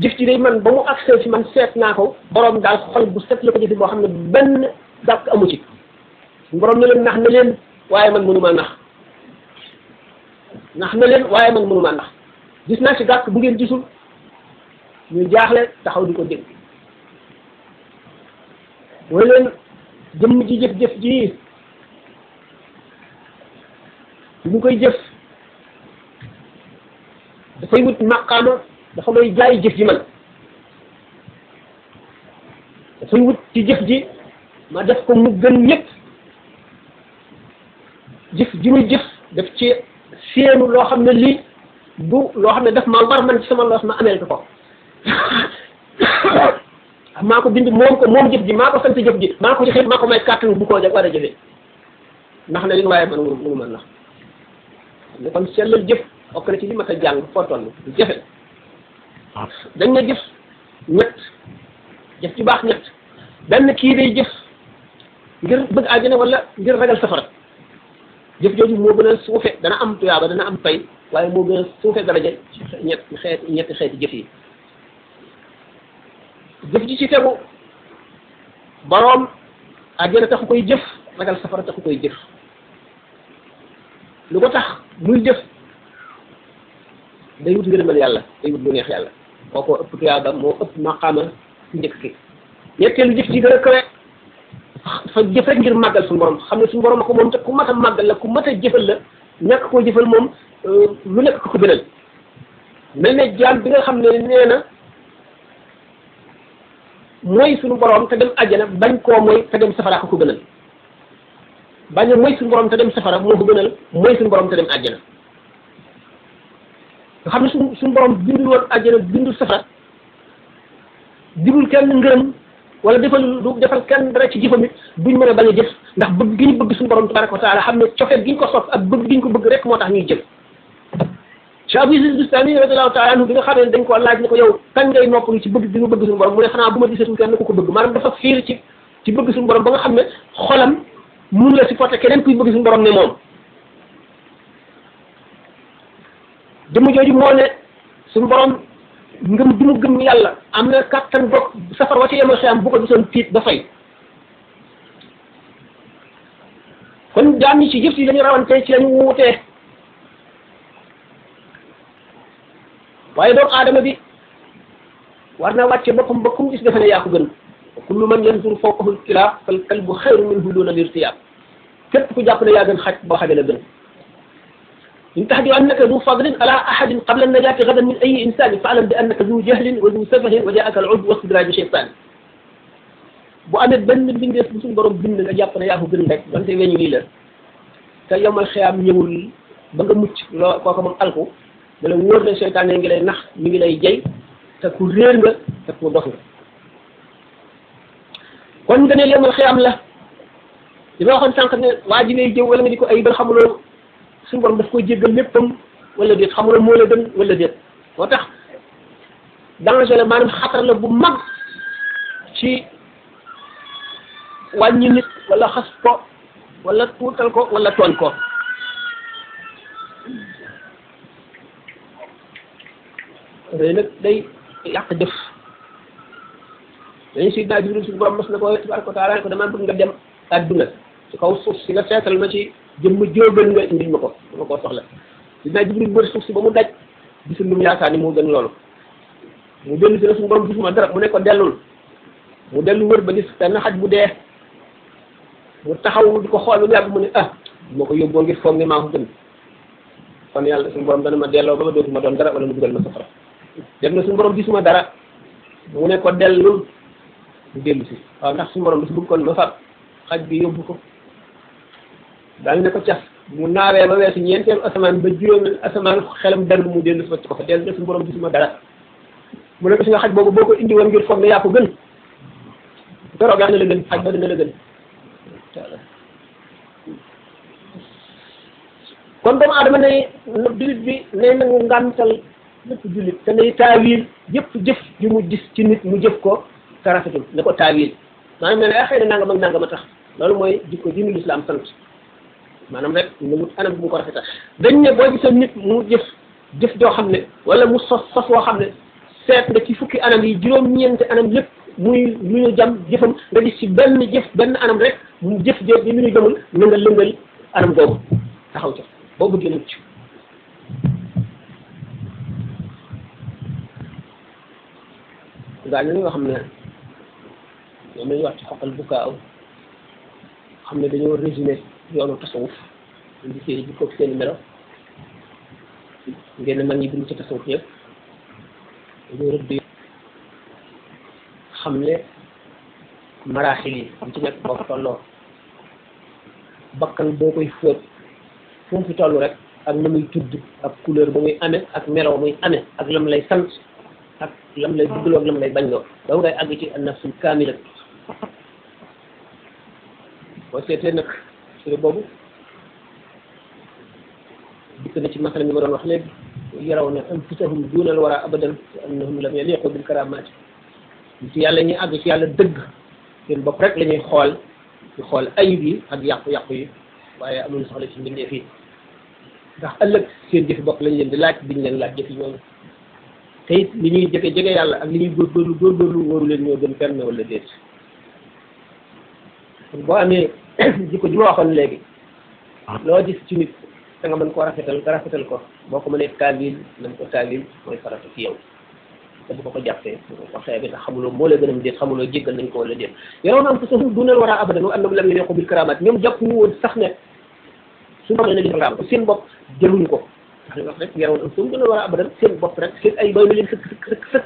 jëf ci day man ba mu accès ci man seet naa ko borom daal xol bu set la ko jëfi boo xam ne benn dàq amu ci suñu borom ne leen nax na leen waaye man mënuma nax nax na leen waaye man mënuma nax gis naa ci dàq bu ngeen gisul ñu jaaxle taxaw di ko dégg wala leen jëmm ji jëf jëf ji bi mu koy jëf dafay wut maqaama dafa may jaay jëf ji man dafay wut ci jëf ji ma def ko mu gën ñëpp jëf ji muy jëf daf ci séenu loo xam ne lii du loo xam ne daf ma war man ci sama loos ma ameel ko maa ko bind moom ko moom jëf ji maa ko sant jëf ji maa ko joxe maa ko may kàttan bu ko jag war a jëfee ndax ne li nga waaye man wuru mën la kon sellal jëf bokk na ci li ma ko jàng foo toll jëfe dañ na jëf ñett jëf baax benn kii day jëf ngir bëgg àjjana wala ngir ragal safara am tuyaaba dana am pay waaye moo gën suufe daraja ñett xeet ñetti xeeti jëf yi jëf ji ci tegu boroom taxu koy jëf ragal safara taxu koy jëf lu ko tax muy def day wut ngërëmal yàlla day wut lu neex yàlla kooko ëpp tuyaaba moo ëpp ki ñetteelu jëf ji gën a kawe ngir màggal suñu borom xam ne suñu borom ko moom te ku mat màggal la ku mat a jëfal la ñàkk koo jëfal moom euh, lu nekk ko gënal mel ne jaam bi nga xam ne nee na mooy suñu borom te dem àjjana bañ koo mooy te dem safara ko ko gënal bañ moy suñu borom ta dem safara mo ko gënal moy suñu borom ta dem aljana nga xam suñu suñu borom bindul won aljana bindul safara dibul kenn ngërëm wala defal du defal kenn dara ci jifami it duñ mën bañ jëf ndax bëgg giñu bëgg suñu borom tabaraka wa taala xam ne cofet gi ko sopp ak bëgg giñ ko bëgg rek motax ñuy jëf ci du sami bustani radiallahu taala ñu bi nga xamee dañ ko laaj ne ko yow tan ngay nopp ci bëgg giñu bëgg suñu borom mu ne xana buma gisé suñu kenn ku ko bëgg manam dafa fiir ci ci bëgg suñu borom ba nga xamne xolam mun la supporté keneen kuy bëgg suñu borom ne moom dama jooju moo ne suñu borom ngëm du yàlla am na kàttan bopp safar wa ci yemal xiyam bu ko gisoon tiit ba fay kon jaam yi ci jëf yi lañu rawante ci lañu wuutee waaye doomu aadama bi war na wàcce boppam ba kum gis dafa ne yaa ko gën kullu man yanzur fawqahu al-kilab fal kalbu khayru minhu duna al-irtiyab képp ku jàpp ne yaa gën xaj boo xajee la gën إن تحدي أنك ذو فضل على أحد قبل النجاة غدا من أي إنسان فاعلم بأنك ذو جهل وذو سفه وجاءك العجب واستدراج شيطان bu amé benn bindé su suñu borom bind nga japp na yaa ko gën rek donte weñu lii la te yomal xiyam ñëwul ba nga mucc loo kooka moom alku da la wóor ne seytaane ngi lay nax mi ngi lay jey te ku réer nga te ku dox nga kon nga ne la li ma waxoon sànq ne waa ji lay jëw wala nga di ko ayibal xamuloo suñu borom daf koy jéggal léppam wala déet xamuloo moo la gën wala moo tax danger la maanaam xatar la bu mag ci wàññi nit xas ko wala tuutal ko wala day yàq def dañu si daaj dund suñu borom mas na ko taala ko dama bëgg nga dem àdduna ci kaw suuf si nga seetal ma ci jëmm jóogal nga dama soxla si daaj jibril suuf si ba daj gisul lu mu ni moo gën loolu mu dellu si na suñu borom gisuma dara mu ne ko dellul mu wër ba gis xaj bu mu taxaw di ko xool lu yàgg mu ne ah ma ko yóbboo ngir foog ne maa ko gën kon suñu borom dana ma ba ma dara wala mu ma safara dem na suñu borom gisuma dara mu ne ko du dellu si waaw ndax suñu borom dafa bëggoon ba far xaj bi yóbbu ko daal ne ko cas mu naawee ba weesu ñeenteelu asamaan ba juróomi asamaan xelam dal mu dellu si ko fa dellu ne suñu borom gisuma mu ne ko si nga xaj boobu boo ko indi woon ngir foog ne yaa ko gën doroog yaa na la gën ba dina la gën kon doomu adama nay jullit bi nay nangu ngàntal lépp jullit te ko te rafetul da ko taawil maanaam nee na xëy na nangam ak nangam tax loolu mooy jikko diinu lislaam sant maanaam rek nu mu anam bu mu ko rafetal dañ boo gisee nit mu jëf jëf joo xam ne wala mu sos sos woo xam ne seet nga ci fukki anam yi juróom-ñeenti anam lépp muy lu ñu jam jëfam nga gis ci benn jëf benn anam rek mu jëf jëf bi mu ñu jëmul na nga anam googu taxaw ca boo bëggee mucc gaa ñu xam ne ñoom lañuy wax ci bu kaaw xam ne dañoo résumé yoonu tasawuf indi seen i jikko seen melo ngeen mag ñi bind ci tasawuf yëpp dañoo rëdd xam ne maraaxil yi am ci nekk boo ko tolloo bakkan boo koy fóot fu mu fi toll rek ak na muy tudd ak couleur ba muy amee ak melo muy amee ak lam lay sant ak lam lay duggaloo ak lam lay bañ loo doo ngay àgg ci an nafsul kaamila boo seetee nag suñu boobu dikk na ci masala mi ma doon wax léegi yaraw na anfusahum duunal wara abadan wa annahum lam yaliqu bil karamaati ci yàlla ñuy àgg ci yàlla dëgg seen bopp rek lañuy xool di xool ayib yi ak yàqu-yàqu yi waaye amuñu soxla ci mbindeef yi ndax ëllëg seen jëfi bopp lañ leen di laaj biñ leen laaj jëfi ñoom te it li ñuy jege jege yàlla ak li ñuy góorgóorlu góorgóorlu wóoru leen ñoo gën fenn wala déet boo amee jikko ji ma waxoon léegi ah. loo gis ci nit da nga mën koo rafetal nga rafetal ko boo ko mënee kaamil mën ko kaamil mooy farata ci yow te bu ko ko jàppee ko xeebi tax xamuloo moo la gën a déet xamuloo jéggal nañ ko wala déet yow am ko sax dunal a abadan wa annahum lam yaliqu bil karamat ñoom jàpp ñu woon sax ne su ma ne li seen bopp jëluñu ko ndax li wax rek yaroon am a abadan seen bopp rek seen ay bay na leen sëkk sëkk sëkk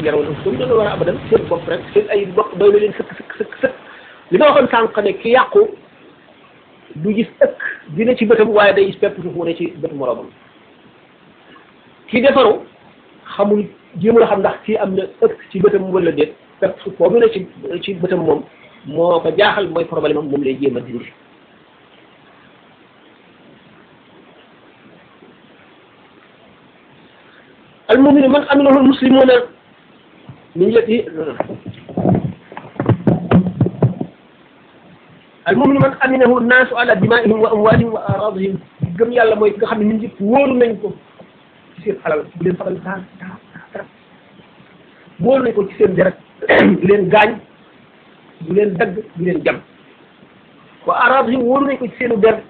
ngelaw la suñ doon war a abadan seen bopp rek seen ay bopp doy na leen sëkk sëkk sëkk sëkk li ma waxoon sànq ne ki yàqu du gis ëkk dina ci bëtam waaye day gis pepp suuf wane ci bët moromam ki defaru xamul jéemul a xam ndax kii am na ëkk ci bëtam wala déet pepp suuf boobu ne ci ci bëtam moom moo ko jaaxal mooy problème am moom lay jéem a dindi المؤمن من أمنه المسلمون milleti al muminu man aminahu naasu ala dimaihim wa amwalihim wa aradihim gëm yàlla mooy nga xam ne nit ñëpp wóoru nañ ko ci seen alal bu leen faral dara nañ ko ci seen deret du leen gaañ du leen dagg du leen jam wa aradihim wóoru nañ ko ci seenu der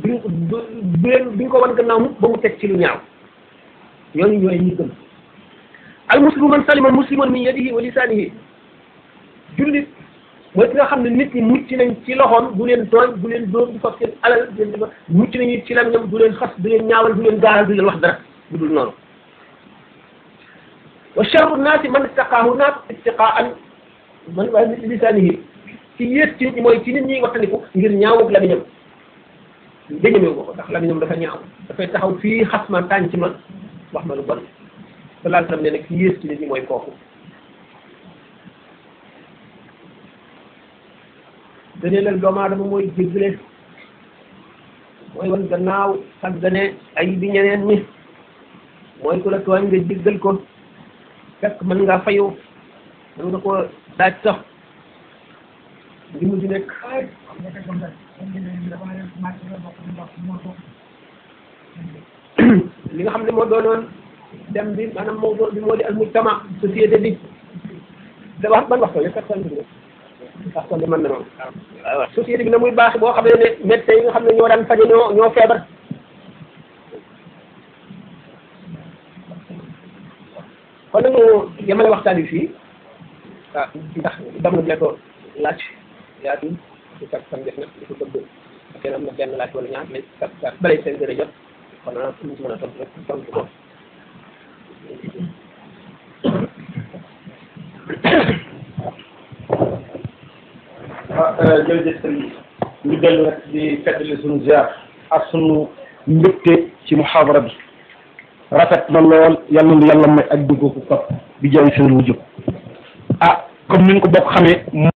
duñ duñ ko wan gannaaw mu ba mu teg ci lu ñaaw ñooñu ñooy ñi gëm almuslimu man salima musliman min yadihi wa lisaanihi jullit mooy ki nga xam ne nit ñi mucc nañ ci loxoom du leen tooñ du leen dóor du fab seen alal du leen mucc nañ ci lam ñoom du leen xas du leen ñaawal du leen gaaral du leen wax dara du dul noonu wa charru naasi man ittaqaahu naas ittiqaan man waa lisaanihi ci yéet ci nit ñi mooy ci nit ñi waxtandiku ngir ñaawug lamiñam dañamee ko ndax lamiñam dafa ñaaw dafay taxaw fii xas ma tànc ma wax ma lu bon sallallahu alayhi ne nag ci nit ñi mooy kooku gëneelal doomu aadama mooy jéggale mooy wan gannaaw sàggane ay bi ñeneen ñi mooy ku la tooñ nga jéggal ko fekk mën nga fayu mën nga ko daaj sax li mu di nekk li nga xam ne moo doonoon dem bi maanaam mawdu bi moo di al mujtama société bi da wax ban waxtu la personne bi waxtu bi mën na moom muy baax boo xam ne médecins yi nga xam ne ñoo daan faje ñoo ñoo feebar kon nag yemale waxtaan yi fii ah ndax dam na nekkoon laaj yaatuñ si kat sam def nag benn laaj wala ñaar nañ kat seen gën a jot kon naa mën a tontu rek ah euh, jërëjëf sëñ ñu dellu rek di feddali suñu ziar ak suñu mbégte ci muhaadara bi rafet na lool yàlla na yàlla may ak dugg ko bi jaay seen wujju ah comme ni ko bokk xamee